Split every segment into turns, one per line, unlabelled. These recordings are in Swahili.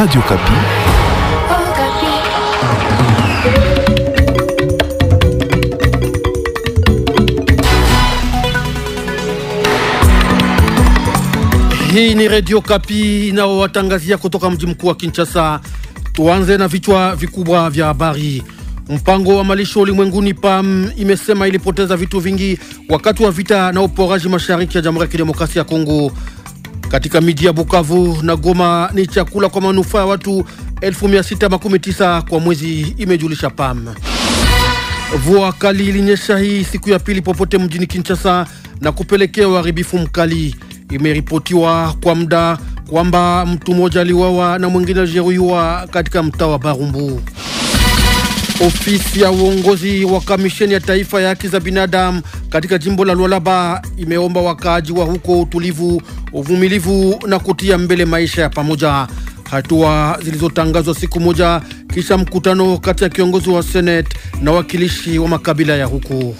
Radio Kapi.
Hii ni Radio Kapi inayowatangazia kutoka mji mkuu wa Kinshasa. Tuanze na vichwa vikubwa vya habari. Mpango wa malisho ulimwenguni PAM imesema ilipoteza vitu vingi wakati wa vita na uporaji mashariki ya Jamhuri ya Kidemokrasia ya Kongo katika miji ya Bukavu na Goma ni chakula kwa manufaa ya watu 1619 kwa mwezi, imejulisha PAM. vua kali ilinyesha hii siku ya pili popote mjini Kinshasa na kupelekea uharibifu mkali. Imeripotiwa kwa muda kwamba mtu mmoja aliuawa na mwingine alijeruhiwa katika mtaa wa Barumbu. Ofisi ya uongozi wa kamisheni ya taifa ya haki za binadamu katika jimbo la Lualaba imeomba wakaaji wa huko utulivu, uvumilivu na kutia mbele maisha ya pamoja, hatua zilizotangazwa siku moja kisha mkutano kati ya kiongozi wa seneti na wakilishi wa makabila ya huko.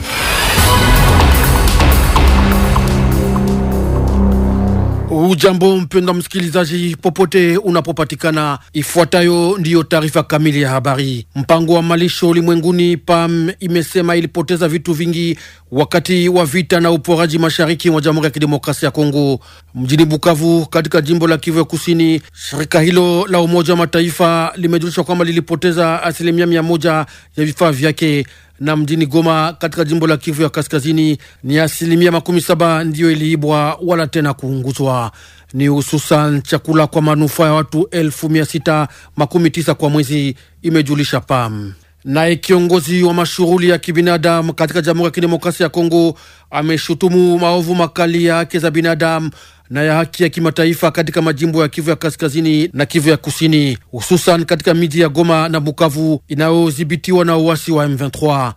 Ujambo mpenda msikilizaji, popote unapopatikana, ifuatayo ndiyo taarifa kamili ya habari. Mpango wa malisho ulimwenguni PAM imesema ilipoteza vitu vingi wakati wa vita na uporaji mashariki mwa Jamhuri ya Kidemokrasia ya Kongo. Mjini Bukavu, katika jimbo la Kivu ya Kusini, shirika hilo la Umoja wa Mataifa limejulishwa kwamba lilipoteza asilimia mia moja ya vifaa vyake na mjini Goma katika jimbo la Kivu ya Kaskazini ni asilimia makumi saba ndiyo iliibwa wala tena kuunguzwa. Ni hususan chakula kwa manufaa ya watu elfu mia sita makumi tisa kwa mwezi, imejulisha PAM. Naye kiongozi wa mashughuli ya kibinadamu katika Jamhuri ya Kidemokrasia ya Kongo ameshutumu maovu makali ya haki za binadamu na ya haki ya kimataifa katika majimbo ya Kivu ya kaskazini na Kivu ya kusini, hususan katika miji ya Goma na Bukavu inayodhibitiwa na uasi wa M23.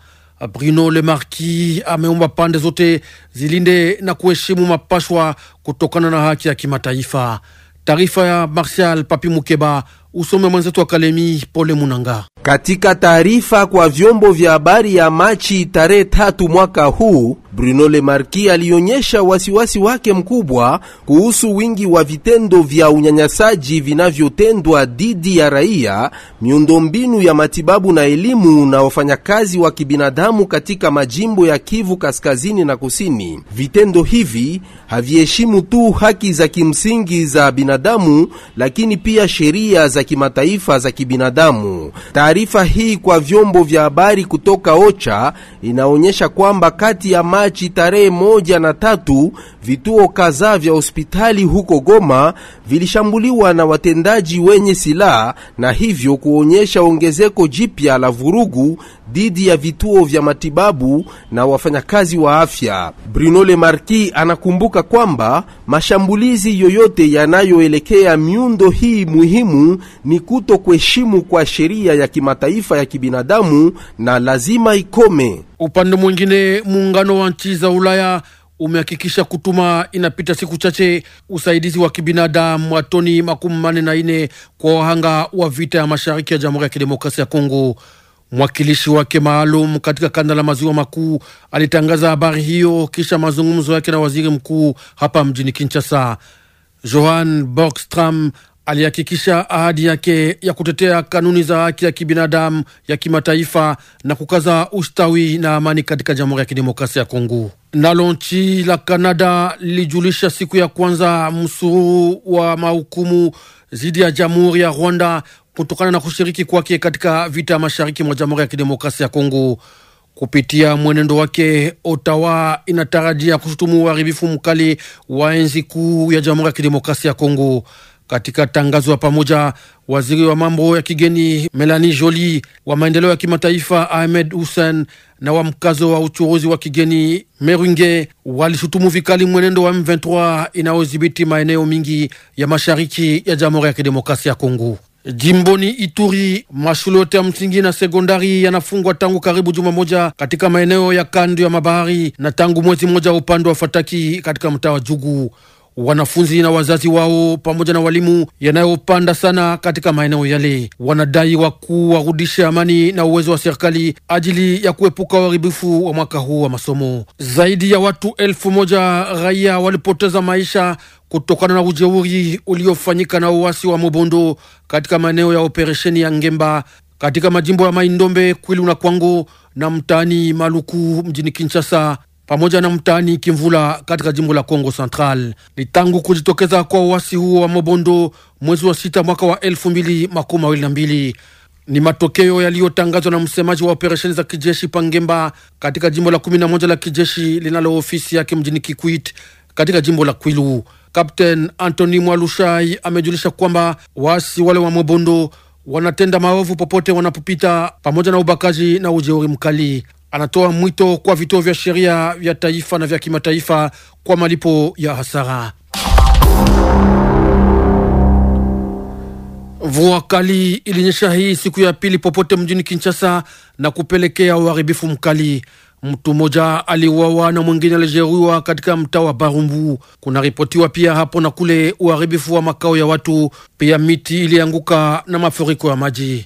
Bruno Le Marquis ameomba pande zote zilinde na kuheshimu mapashwa kutokana na haki ya kimataifa. Taarifa ya Martial Papi Mukeba. Usome mwenzetu wa Kalemi, Pole Munanga. Katika
taarifa kwa vyombo vya habari ya Machi tarehe tatu mwaka huu, Bruno Le Marquis alionyesha wasiwasi wake mkubwa kuhusu wingi wa vitendo vya unyanyasaji vinavyotendwa dhidi ya raia, miundombinu ya matibabu na elimu na wafanyakazi wa kibinadamu katika majimbo ya Kivu Kaskazini na Kusini. Vitendo hivi haviheshimu tu haki za kimsingi za binadamu, lakini pia sheria za kimataifa za kibinadamu. Taarifa hii kwa vyombo vya habari kutoka OCHA inaonyesha kwamba kati ya Machi tarehe moja na tatu, vituo kadhaa vya hospitali huko Goma vilishambuliwa na watendaji wenye silaha na hivyo kuonyesha ongezeko jipya la vurugu dhidi ya vituo vya matibabu na wafanyakazi wa afya. Bruno le Lemarquis anakumbuka kwamba mashambulizi yoyote yanayoelekea miundo hii muhimu ni kuto kuheshimu kwa sheria ya kimataifa ya kibinadamu na lazima ikome.
Upande mwingine muungano wa nchi za Ulaya umehakikisha kutuma inapita siku chache usaidizi wa kibinadamu wa toni makumi manne na nne kwa wahanga wa vita ya mashariki ya Jamhuri ya Kidemokrasia ya Kongo. Mwakilishi wake maalum katika kanda la maziwa makuu alitangaza habari hiyo kisha mazungumzo yake na waziri mkuu hapa mjini Kinshasa. Johan Borgstram alihakikisha ahadi yake ya kutetea kanuni za haki ya kibinadamu ya kimataifa na kukaza ustawi na amani katika Jamhuri ya Kidemokrasia ya Kongo. Nalo nchi la Kanada lilijulisha siku ya kwanza msururu wa mahukumu dhidi ya Jamhuri ya Rwanda kutokana na kushiriki kwake katika vita mashariki mwa Jamhuri ya Kidemokrasia ya Kongo. Kupitia mwenendo wake, otawa inatarajia kushutumu uharibifu mkali wa enzi kuu ya Jamhuri ya Kidemokrasia ya Kongo. Katika tangazo ya pamoja, waziri wa mambo ya kigeni Melanie Joly, wa maendeleo ya kimataifa Ahmed Hussein na wa mkazo wa uchuruzi wa kigeni Meringe walishutumu vikali mwenendo wa M23 inayodhibiti maeneo mingi ya mashariki ya Jamhuri ya Kidemokrasia ya Kongo. Jimboni Ituri, mashule yote ya msingi na sekondari yanafungwa tangu karibu juma moja katika maeneo ya kando ya mabahari na tangu mwezi mmoja upande wa Fataki katika mtaa wa Jugu wanafunzi na wazazi wao pamoja na walimu yanayopanda sana katika maeneo yale. Wanadai wakuu warudishe amani na uwezo wa serikali ajili ya kuepuka uharibifu wa mwaka huu wa masomo. Zaidi ya watu elfu moja raia walipoteza maisha kutokana na ujeuri uliofanyika na uasi wa Mobondo katika maeneo ya operesheni ya Ngemba katika majimbo ya Maindombe, Kwilu na Kwango na mtaani Maluku mjini Kinshasa pamoja na mtaani Kimvula katika jimbo la Kongo Central. Ni tangu kujitokeza kwa uasi huo wa Mobondo mwezi wa sita mwaka wa elfu mbili makumi mawili na mbili. Ni matokeo yaliyotangazwa na msemaji wa operesheni za kijeshi Pangemba katika jimbo la kumi na moja la kijeshi linalo ofisi yake mjini Kikwit katika jimbo la Kwilu. Kapten Antony Mwalushai amejulisha kwamba waasi wale wa Mobondo wanatenda maovu popote wanapopita, pamoja na ubakaji na ujeuri mkali anatoa mwito kwa vituo vya sheria vya taifa na vya kimataifa kwa malipo ya hasara. Mvua kali ilinyesha hii siku ya pili popote mjini Kinshasa na kupelekea uharibifu mkali. Mtu mmoja aliuawa na mwingine alijeruhiwa katika mtaa wa Barumbu. Kunaripotiwa pia hapo na kule uharibifu wa makao ya watu, pia miti ilianguka na mafuriko ya maji.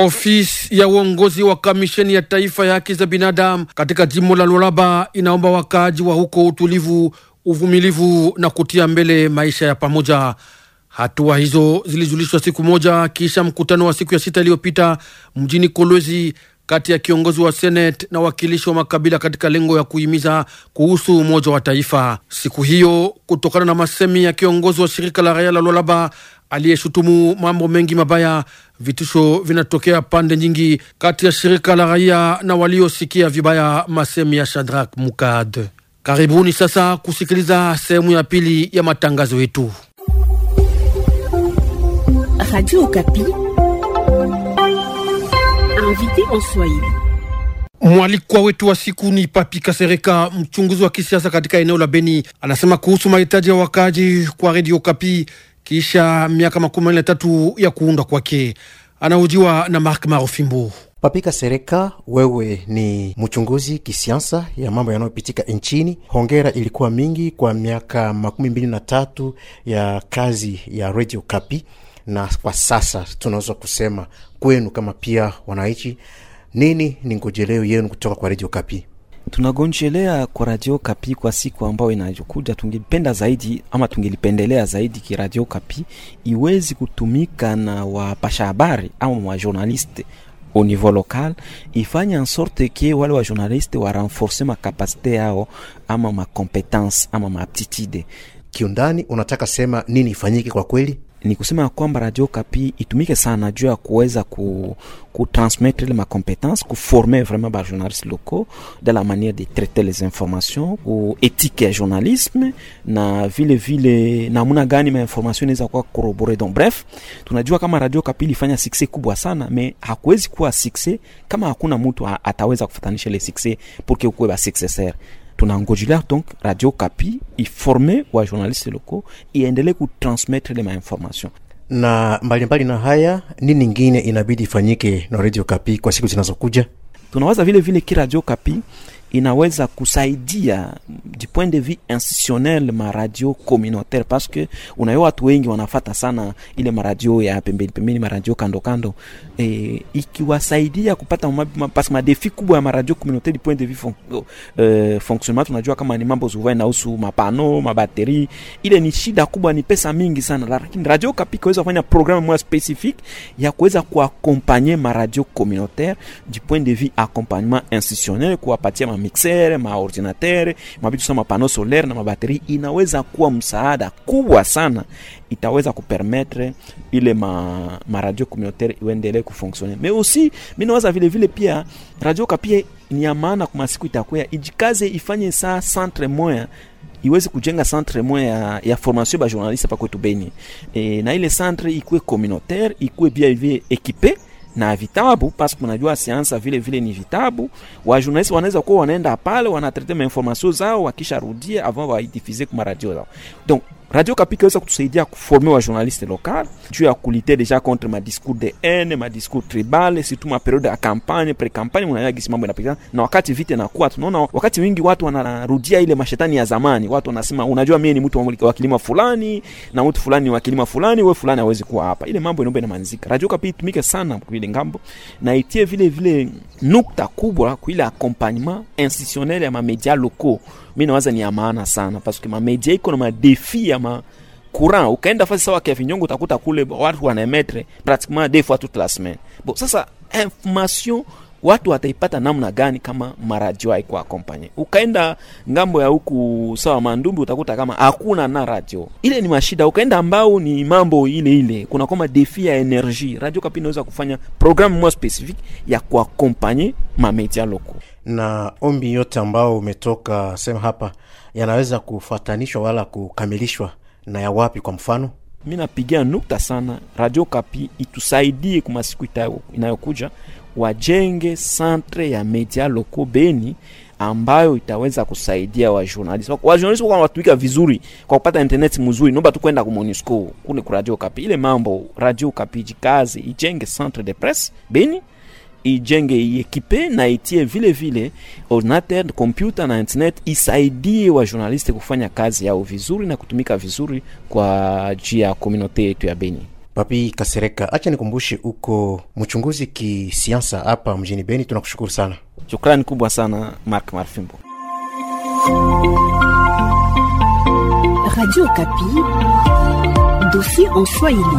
Ofisi ya uongozi wa kamisheni ya taifa ya haki za binadamu katika jimbo la Lualaba inaomba wakaaji wa huko utulivu, uvumilivu na kutia mbele maisha ya pamoja. Hatua hizo zilijulishwa siku moja kisha mkutano wa siku ya sita iliyopita mjini Kolwezi kati ya kiongozi wa seneti na wakilishi wa makabila katika lengo ya kuhimiza kuhusu umoja wa taifa. Siku hiyo, kutokana na masemi ya kiongozi wa shirika la raia la Lualaba aliyeshutumu mambo mengi mabaya Vitisho vinatokea pande nyingi kati ya shirika la raia na waliosikia vibaya masemi ya Shadrak Mukad. Karibuni sasa kusikiliza sehemu ya pili ya matangazo yetu. Mwalikwa wetu wa siku ni Papi Kasereka, mchunguzi wa kisiasa katika eneo la Beni, anasema kuhusu mahitaji ya wakaaji kwa redio Kapi kisha miaka makumi na tatu ya kuundwa kwake. Anahojiwa na Mark Marofimbo. Papika Sereka, wewe ni mchunguzi kisiasa ya mambo yanayopitika nchini. Hongera ilikuwa mingi kwa
miaka makumi mbili na tatu ya kazi ya Radio Kapi, na kwa sasa tunaweza kusema kwenu kama pia wananchi, nini ni ngojeleo yenu kutoka kwa Radio Kapi? tunagonjelea kwa Radio Kapi kwa siku ambayo inayokuja. Tungependa zaidi ama tungelipendelea zaidi ki Radio Kapi iwezi kutumika na wapasha habari ama wajournaliste au niveau local, ifanye en sorte ke wale wa journaliste wa renforcer makapasite yao ama makompetence ama maaptitude. Kiundani, unataka sema nini ifanyike kwa kweli? ni kusema ya kwamba Radio Kapi itumike sana juu ya kuweza ku, kutransmettre ile macompetence kuformer vraiment ba journalistes locaux de la manière de traiter les informations ku éthique ya journalisme na vile vile namna gani mainformation inaweza kuwa corroboré. Donc bref, tunajua kama Radio Kapi ilifanya success kubwa sana, me hakuwezi kuwa success kama hakuna mtu ataweza kufatanisha ile success pour que ukuwe ba successeur tunangojelea donc Radio Kapi iforme wajournalisti loko iendelee kutransmettre mainformation
na mbalimbali.
Na haya nini ngine inabidi ifanyike na Radio Kapi kwa siku zinazokuja? Tunawaza vile vile ki Radio Kapi inaweza kusaidia du point de vue institutionnel maradio communautaire, parce que unayo watu wengi wanafata sana ile maradio ya pembeni pembeni, maradio kando kando, e, ikiwasaidia kupata ma, parce madefi kubwa ya maradio communautaire du point de vue fon, euh, fonctionnement, tunajua kama ni mambo zuvai na usu mapano mabateri, ile ni shida kubwa, ni pesa mingi sana, lakini radio kapika kaweza kufanya programme moja specifique ya kuweza kuaccompagner maradio communautaire du point de vue accompagnement institutionnel, kuwapatia mamixere, maordinatere, mabitu sa mapano solaire na mabateri, inaweza kuwa msaada kubwa sana, itaweza kupermetre ile ma, ma radio communautaire iendelee kufonksione. Me aussi minawaza vile vile pia radio kapia ni ya maana kwa masiku itakuya, ijikaze ifanye sa centre moya iwezi kujenga centre moya ya, ya formation ba journaliste pa kwetu Beni e, na ile centre ikuwe communautaire ikuwe bia bien ekipe na vitabu que unajua siansa vile vile ni vitabu. Wajournaliste wanaweza kuwa wanaenda pale wanatrete information zao, wakisharudia avant waidifuse kumaradio zao donc Radio Kapi kaweza kutusaidia kuforme wa journaliste local juu ya kulite deja contre ma discours de haine, ma discours tribal, surtout ma periode ya kampanye, pre kampanye, mnaelewa gisi mambo yanapigana. Na wakati vita inakuwa tunaona wakati wingi watu wanarudia ile mashetani ya zamani. Watu wanasema unajua mimi ni mtu wa kilima fulani na mtu fulani wa kilima fulani, wewe fulani hawezi kuwa hapa. Ile mambo inaomba inamanzika. Radio Kapi itumike sana kwa ile ngambo na itie vile vile nukta kubwa kwa ile accompagnement institutionnel ya ma media locaux mi nawaza ni ya maana sana paske mamedia iko na madefi ya ma kuran ukaenda fasi sawa kia vinyongo utakuta kule watu wanaemetre pratiquement deux fois toute la semaine sasa information watu wataipata namna gani kama maradio haiko akompanye? Ukaenda ngambo ya huku sawa Mandumbi, utakuta kama hakuna na radio ile, ni mashida. Ukaenda ambao ni mambo ile ile, kuna kama defi ya energi radio kapi inaweza kufanya programu mwa specific ya kuakompanye mamedia loko, na ombi yote ambao umetoka sema hapa yanaweza kufatanishwa wala kukamilishwa na ya wapi? Kwa mfano mi napigia nukta sana, radio kapi itusaidie kumasiku inayokuja wajenge centre ya media loko Beni ambayo itaweza kusaidia wajournalist wajournalist kwa watumika vizuri kwa kupata internet mzuri. Naomba tu kwenda ku MONUSCO kune ku Radio Kapi, ile mambo Radio Kapi jikazi ijenge centre de presse Beni, ijenge ekipe na itie vile vile ordinateur, computer na internet, isaidie wajournalist kufanya kazi yao vizuri na kutumika vizuri kwa ajili ya komunote yetu ya Beni. Papi Kasereka, acha nikumbushe, uko mchunguzi kisiasa hapa mjini Beni. Tunakushukuru sana, shukrani kubwa sana Mark Marfimbo.
Radio Kapi, dosi en Swahili.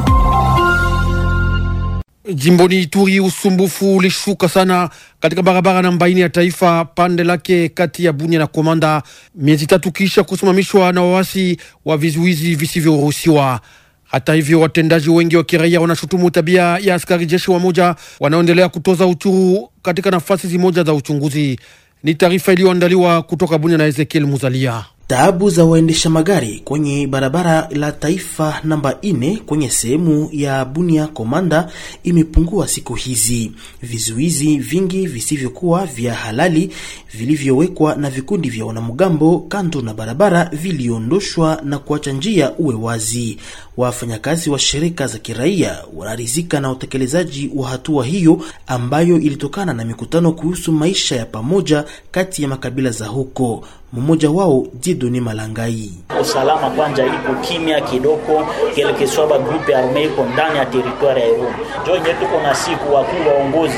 Jimboni Ituri, usumbufu ulishuka sana katika barabara namba ine ya taifa pande lake kati ya Bunia na Komanda, miezi tatu kisha kusimamishwa na waasi wa vizuizi visivyoruhusiwa. Hata hivyo, watendaji wengi wa kiraia wanashutumu tabia ya askari jeshi wamoja wanaoendelea kutoza uchuru katika nafasi zimoja za uchunguzi. Ni taarifa iliyoandaliwa kutoka Bunya na Ezekiel Muzalia. Taabu za waendesha
magari kwenye barabara la taifa namba ine kwenye sehemu ya Bunia Komanda imepungua siku hizi. Vizuizi vingi visivyokuwa vya halali vilivyowekwa na vikundi vya wanamgambo kando na barabara viliondoshwa na kuacha njia uwe wazi. Wafanyakazi wa shirika za kiraia wanarizika na utekelezaji wa hatua hiyo ambayo ilitokana na mikutano kuhusu maisha ya pamoja kati ya makabila za huko mmoja wao jidoni Malangai. Usalama kwanja iko kimya kidogo, kelekeswaba grupe arme iko ndani ya teritwari ya Irumu. Njo nye tuko na siku wakuu waongozi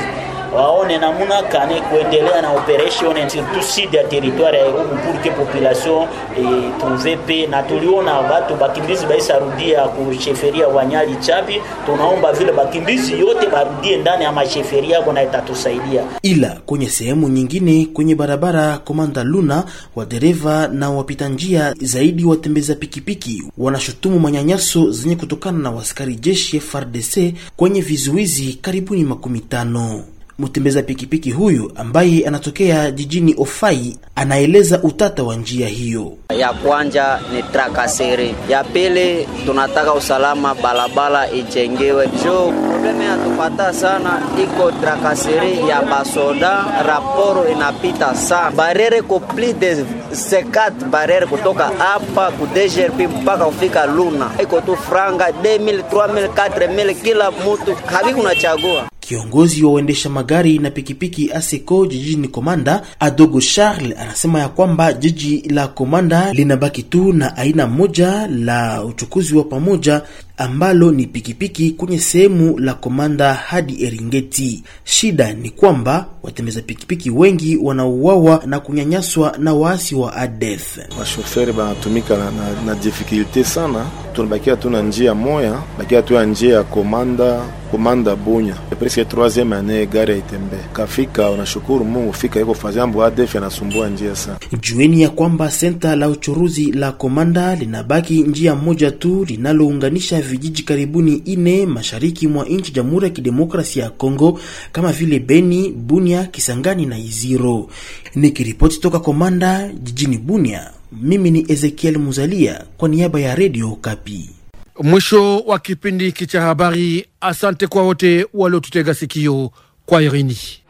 waone namuna kane kuendelea na operation surtout sud ya territoire ya Irumu pour que population itrouve eh, pe, na tuliona watu bakimbizi baisa rudia ku kusheferia wanyali chapi. Tunaomba vile bakimbizi yote barudie ndani ya masheferia yako na itatusaidia. Ila kwenye sehemu nyingine kwenye barabara Komanda Luna, wadereva na wapita njia zaidi watembeza pikipiki wanashutumu manyanyaso zenye kutokana na waskari jeshi FRDC kwenye vizuizi karibuni makumi tano. Mtembeza pikipiki huyu ambaye anatokea jijini Ofai anaeleza utata wa njia hiyo.
Ya kwanja ni trakaseri, ya pili tunataka usalama barabara ijengewe jo probleme yatupata sana iko trakaseri ya basoda, raporo inapita sana barere ko plus de sekat barere kutoka hapa ku mpaka kufika Luna iko tu franga 2000 3000 4000 kila mtu habikunachagua
Kiongozi wa waendesha magari na pikipiki ASECO jijini Komanda, Adogo Charles, anasema ya kwamba jiji la Komanda linabaki tu na aina moja la uchukuzi wa pamoja ambalo ni pikipiki kwenye sehemu la Komanda hadi Eringeti. Shida ni kwamba watembeza pikipiki wengi wanauawa na kunyanyaswa na waasi wa ADF. Washoferi banatumika na, na, na difikilte sana tunabakia tuna njia moya, bakia tu ya njia ya komanda komanda Bunya presque 3 année gari aitembe kafika. Unashukuru Mungu fika iko fazambo ADF anasumbua njia sana. Jueni ya kwamba senta la uchuruzi la komanda linabaki njia moja tu linalounganisha vijiji karibuni ine mashariki mwa nchi Jamhuri ya Kidemokrasia ya Kongo kama vile Beni, Bunya, Kisangani na Iziro. Nikiripoti toka komanda jijini Bunya. Mimi ni Ezekiel Muzalia
kwa niaba ya Redio Kapi. Mwisho wa kipindi hiki cha habari. Asante kwa wote waliotutega sikio. Kwa irini.